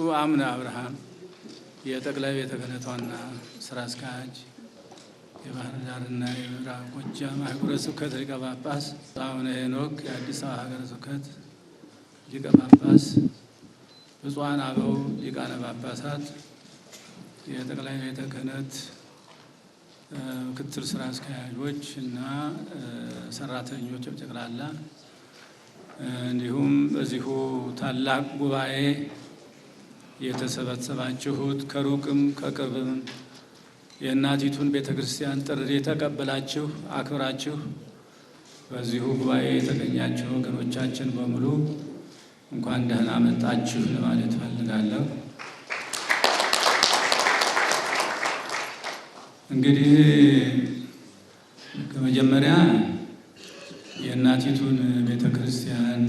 ጡብ አምነ አብርሃም የጠቅላይ ቤተ ክህነት ዋና ስራ አስኪያጅ የባህር ዳርና የምዕራብ ጎጃም ሀገረ ስብከት ሊቀ ጳጳስ፣ አቡነ ሄኖክ የአዲስ አበባ ሀገረ ስብከት ሊቀ ጳጳስ፣ ብፁዓን አበው ሊቃነ ጳጳሳት፣ የጠቅላይ ቤተ ክህነት ምክትል ስራ አስኪያጆች እና ሰራተኞች በጠቅላላ እንዲሁም በዚሁ ታላቅ ጉባኤ የተሰበሰባችሁት ከሩቅም ከቅርብም የእናቲቱን ቤተ ክርስቲያን ጥሪ የተቀበላችሁ አክብራችሁ በዚሁ ጉባኤ የተገኛችሁ ወገኖቻችን በሙሉ እንኳን ደህና መጣችሁ ለማለት እፈልጋለሁ። እንግዲህ ከመጀመሪያ የእናቲቱን ቤተ ክርስቲያን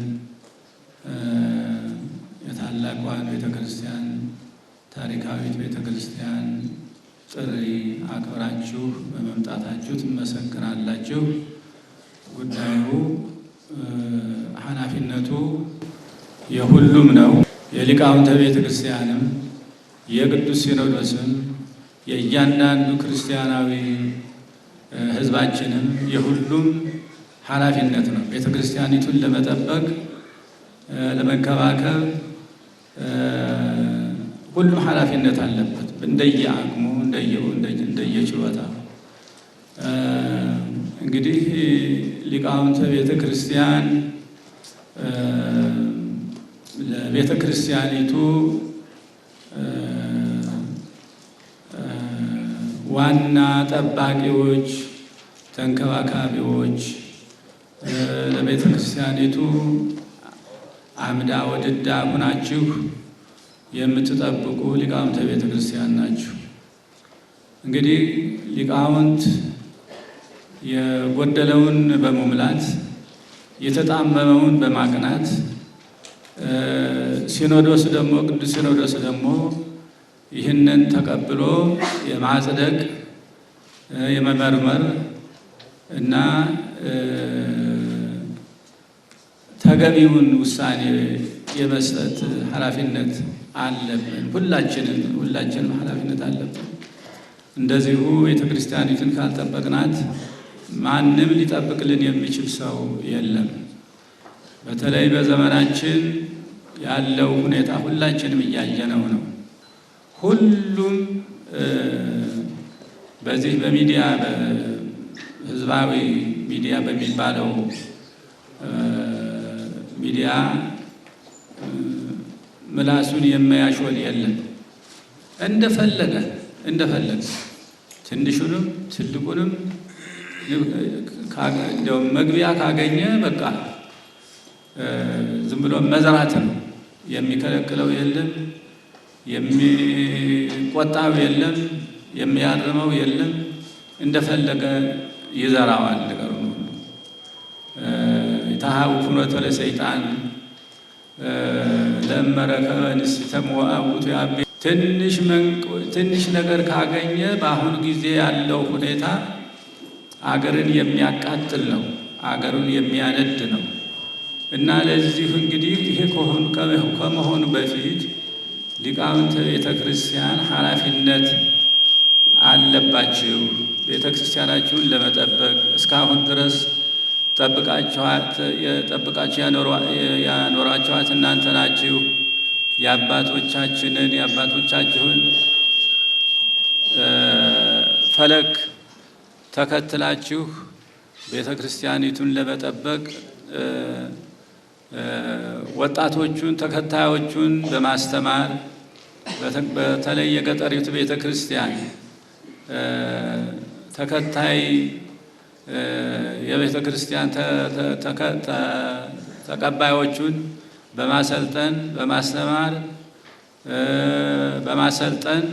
ታላቋን ቤተ ክርስቲያን ታሪካዊት ቤተ ክርስቲያን ጥሪ አክብራችሁ በመምጣታችሁ ትመሰክራላችሁ። ጉዳዩ ኃላፊነቱ የሁሉም ነው። የሊቃውንተ ቤተ ክርስቲያንም የቅዱስ ሲኖዶስም የእያንዳንዱ ክርስቲያናዊ ሕዝባችንም የሁሉም ኃላፊነት ነው። ቤተ ክርስቲያኒቱን ለመጠበቅ ለመንከባከብ ሁሉም ኃላፊነት አለበት እንደየ አቅሙ እንደየ ችሎታ። እንግዲህ ሊቃውንተ ቤተ ክርስቲያን ለቤተ ክርስቲያኒቱ ዋና ጠባቂዎች፣ ተንከባካቢዎች ለቤተ ክርስቲያኒቱ አምዳ ወድዳ ሁናችሁ የምትጠብቁ ሊቃውንተ ቤተ ክርስቲያን ናችሁ። እንግዲህ ሊቃውንት የጎደለውን በመሙላት የተጣመመውን በማቅናት ሲኖዶስ ደግሞ ቅዱስ ሲኖዶስ ደግሞ ይህንን ተቀብሎ የማጽደቅ የመመርመር እና ተገቢውን ውሳኔ የመስጠት ኃላፊነት አለብን። ሁላችንም ሁላችንም ኃላፊነት አለብን። እንደዚሁ ቤተ ክርስቲያኒቱን ካልጠበቅናት ማንም ሊጠብቅልን የሚችል ሰው የለም። በተለይ በዘመናችን ያለው ሁኔታ ሁላችንም እያየነው ነው። ሁሉም በዚህ በሚዲያ በህዝባዊ ሚዲያ በሚባለው ሚዲያ ምላሱን የማያሾል የለም። እንደፈለገ እንደፈለገ ትንሹንም ትልቁንም መግቢያ ካገኘ በቃ ዝም ብሎ መዝራት ነው። የሚከለክለው የለም፣ የሚቆጣው የለም፣ የሚያርመው የለም። እንደፈለገ ይዘራዋል። አሐው ፍኖተ ለሰይጣን ለመረከበ ንስተ ያቤ ትንሽ ነገር ካገኘ በአሁን ጊዜ ያለው ሁኔታ አገርን የሚያቃጥል ነው። አገሩን የሚያነድ ነው እና ለዚሁ እንግዲህ ይሄ ከመሆኑ በፊት ሊቃውንተ ቤተ ክርስቲያን ኃላፊነት አለባችሁ። ቤተ ክርስቲያናችሁን ለመጠበቅ እስካሁን ድረስ ጠብቃችሁ ያኖራችኋት እናንተ ናችሁ። የአባቶቻችንን የአባቶቻችሁን ፈለክ ተከትላችሁ ቤተ ክርስቲያኒቱን ለመጠበቅ ወጣቶቹን ተከታዮቹን በማስተማር በተለይ የገጠሪቱ ቤተ ክርስቲያን ተከታይ የቤተ ክርስቲያን ተቀባዮቹን በማሰልጠን በማስተማር በማሰልጠን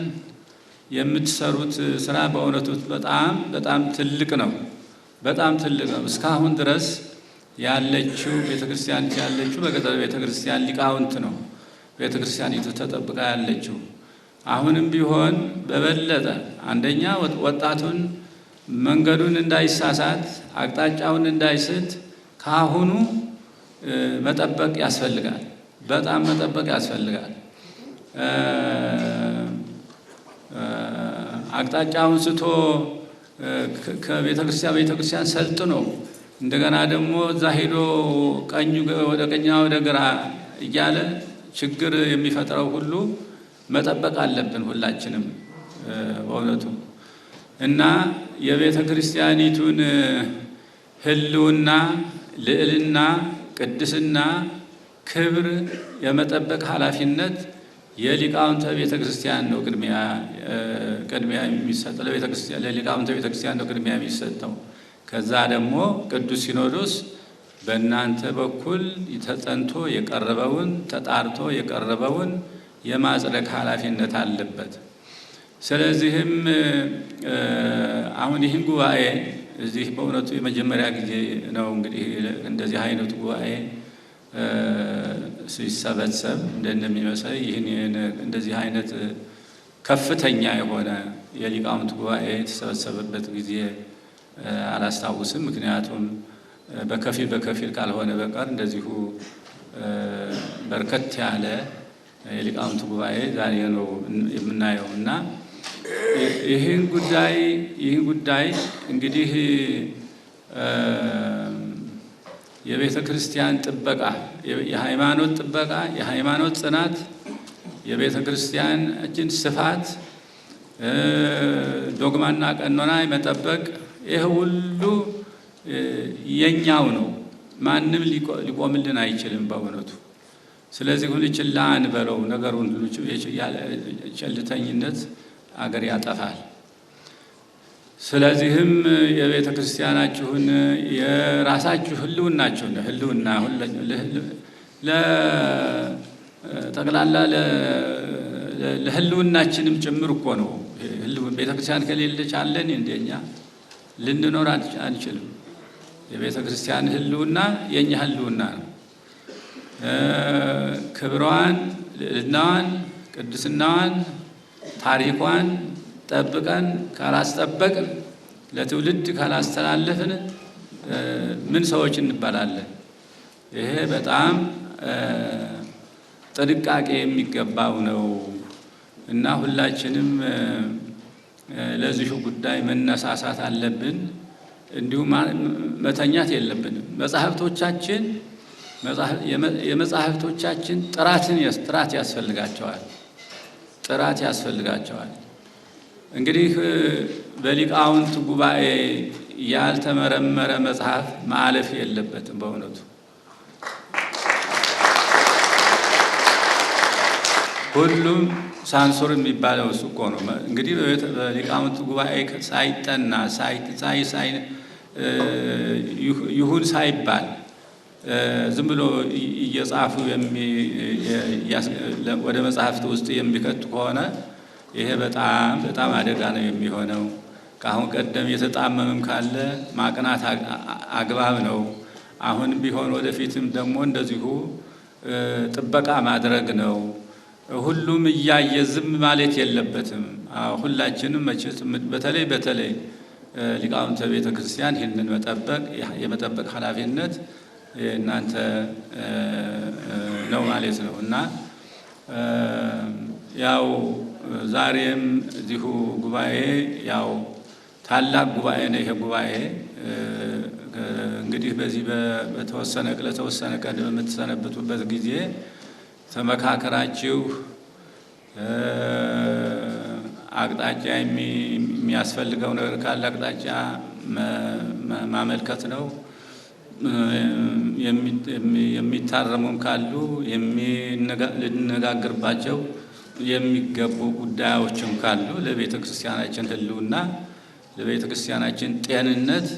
የምትሰሩት ስራ በእውነቱ በጣም በጣም ትልቅ ነው። በጣም ትልቅ ነው። እስካሁን ድረስ ያለችው ቤተ ክርስቲያን ያለችው በገጠር ቤተ ክርስቲያን ሊቃውንት ነው ቤተ ክርስቲያኒቱ ተጠብቃ ያለችው። አሁንም ቢሆን በበለጠ አንደኛ ወጣቱን መንገዱን እንዳይሳሳት አቅጣጫውን እንዳይስት ካሁኑ መጠበቅ ያስፈልጋል። በጣም መጠበቅ ያስፈልጋል። አቅጣጫውን ስቶ ከቤተክርስቲያን ቤተክርስቲያን ሰልጥኖ እንደገና ደግሞ እዛ ሄዶ ቀኙ ወደ ቀኛ ወደ ግራ እያለ ችግር የሚፈጥረው ሁሉ መጠበቅ አለብን ሁላችንም በእውነቱ እና የቤተ ክርስቲያኒቱን ህልውና፣ ልዕልና፣ ቅድስና፣ ክብር የመጠበቅ ኃላፊነት የሊቃውንተ ቤተ ክርስቲያን ነው። ቅድሚያ የሚሰጠው ለሊቃውንተ ቤተ ክርስቲያን ነው ቅድሚያ የሚሰጠው። ከዛ ደግሞ ቅዱስ ሲኖዶስ በእናንተ በኩል ተጠንቶ የቀረበውን ተጣርቶ የቀረበውን የማጽደቅ ኃላፊነት አለበት። ስለዚህም አሁን ይህን ጉባኤ እዚህ በእውነቱ የመጀመሪያ ጊዜ ነው እንግዲህ እንደዚህ አይነቱ ጉባኤ ሲሰበሰብ እንደሚመስለኝ ይህን እንደዚህ አይነት ከፍተኛ የሆነ የሊቃውንት ጉባኤ የተሰበሰበበት ጊዜ አላስታውስም። ምክንያቱም በከፊል በከፊል ካልሆነ በቀር እንደዚሁ በርከት ያለ የሊቃውንት ጉባኤ ዛሬ ነው የምናየው እና ይህን ጉዳይ ይህን ጉዳይ እንግዲህ የቤተ ክርስቲያን ጥበቃ፣ የሃይማኖት ጥበቃ፣ የሃይማኖት ጽናት፣ የቤተ ክርስቲያናችን ስፋት፣ ዶግማና ቀኖና መጠበቅ ይህ ሁሉ የኛው ነው። ማንም ሊቆምልን አይችልም በእውነቱ። ስለዚህ ሁሉ ችላ አንበለው ነገሩን ቸልተኝነት አገር ያጠፋል። ስለዚህም የቤተ ክርስቲያናችሁን የራሳችሁ ህልውናችሁን ህልውና ለጠቅላላ ለህልውናችንም ጭምር እኮ ነው። ቤተ ክርስቲያን ከሌለች አለን እንደኛ ልንኖር አንችልም። የቤተ ክርስቲያን ህልውና የእኛ ህልውና ነው። ክብሯን፣ ልዕልናዋን፣ ቅድስናዋን ታሪኳን ጠብቀን ካላስጠበቅን ለትውልድ ካላስተላለፍን ምን ሰዎች እንባላለን? ይሄ በጣም ጥንቃቄ የሚገባው ነው እና ሁላችንም ለዚሁ ጉዳይ መነሳሳት አለብን። እንዲሁም መተኛት የለብንም። መጽሐፍቶቻችን የመጽሐፍቶቻችን ጥራትን ጥራት ያስፈልጋቸዋል። ጥራት ያስፈልጋቸዋል። እንግዲህ በሊቃውንት ጉባኤ ያልተመረመረ መጽሐፍ ማለፍ የለበትም። በእውነቱ ሁሉም ሳንሱር የሚባለው እሱ እኮ ነው። እንግዲህ በሊቃውንት ጉባኤ ሳይጠና ይሁን ሳይባል ዝም ብሎ እየጻፉ ወደ መጽሐፍት ውስጥ የሚከቱ ከሆነ ይሄ በጣም በጣም አደጋ ነው የሚሆነው። ከአሁን ቀደም የተጣመመም ካለ ማቅናት አግባብ ነው። አሁን ቢሆን ወደፊትም ደግሞ እንደዚሁ ጥበቃ ማድረግ ነው። ሁሉም እያየ ዝም ማለት የለበትም። ሁላችንም መቼስ በተለይ በተለይ ሊቃውንተ ቤተ ክርስቲያን ይህንን መጠበቅ የመጠበቅ ኃላፊነት የእናንተ ነው ማለት ነው እና ያው ዛሬም እዚሁ ጉባኤ ያው ታላቅ ጉባኤ ነው ይሄ ጉባኤ። እንግዲህ በዚህ በተወሰነ ለተወሰነ ቀን በምትሰነብቱበት ጊዜ ተመካከራችሁ አቅጣጫ የሚያስፈልገው ነገር ካለ አቅጣጫ ማመልከት ነው። የሚታረሙም ካሉ ልነጋግርባቸው የሚገቡ ጉዳዮችም ካሉ ለቤተ ክርስቲያናችን ሕልውና፣ ለቤተ ክርስቲያናችን ጤንነት፣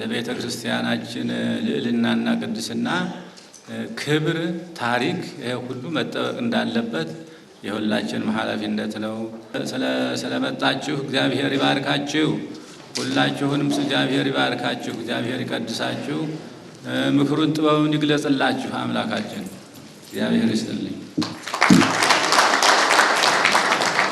ለቤተ ክርስቲያናችን ልዕልናና ቅድስና ክብር፣ ታሪክ ይህ ሁሉ መጠበቅ እንዳለበት የሁላችንም ኃላፊነት ነው። ስለመጣችሁ እግዚአብሔር ይባርካችሁ። ሁላችሁንም እግዚአብሔር ይባርካችሁ። እግዚአብሔር ይቀድሳችሁ። ምክሩን ጥበቡን ይግለጽላችሁ አምላካችን እግዚአብሔር ይስጥልኝ።